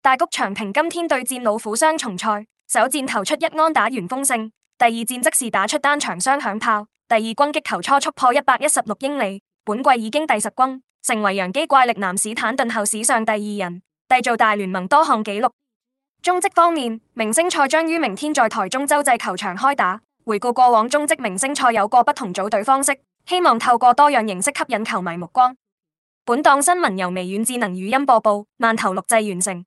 大谷翔平今天對戰老虎雙重賽，首戰投出一安打完封勝，第二戰則是打出單場雙響炮，第二軍擊球初速破一百一十六英里，本季已經第十軍，成為洋基怪力男史坦頓後史上第二人，締造大聯盟多項紀錄。中職方面，明星賽將於明天在台中洲際球場開打，回顧過往中職明星賽有個不同組隊方式，希望透過多樣形式吸引球迷目光。本檔新聞由微軟智能語音播報，慢投錄製完成。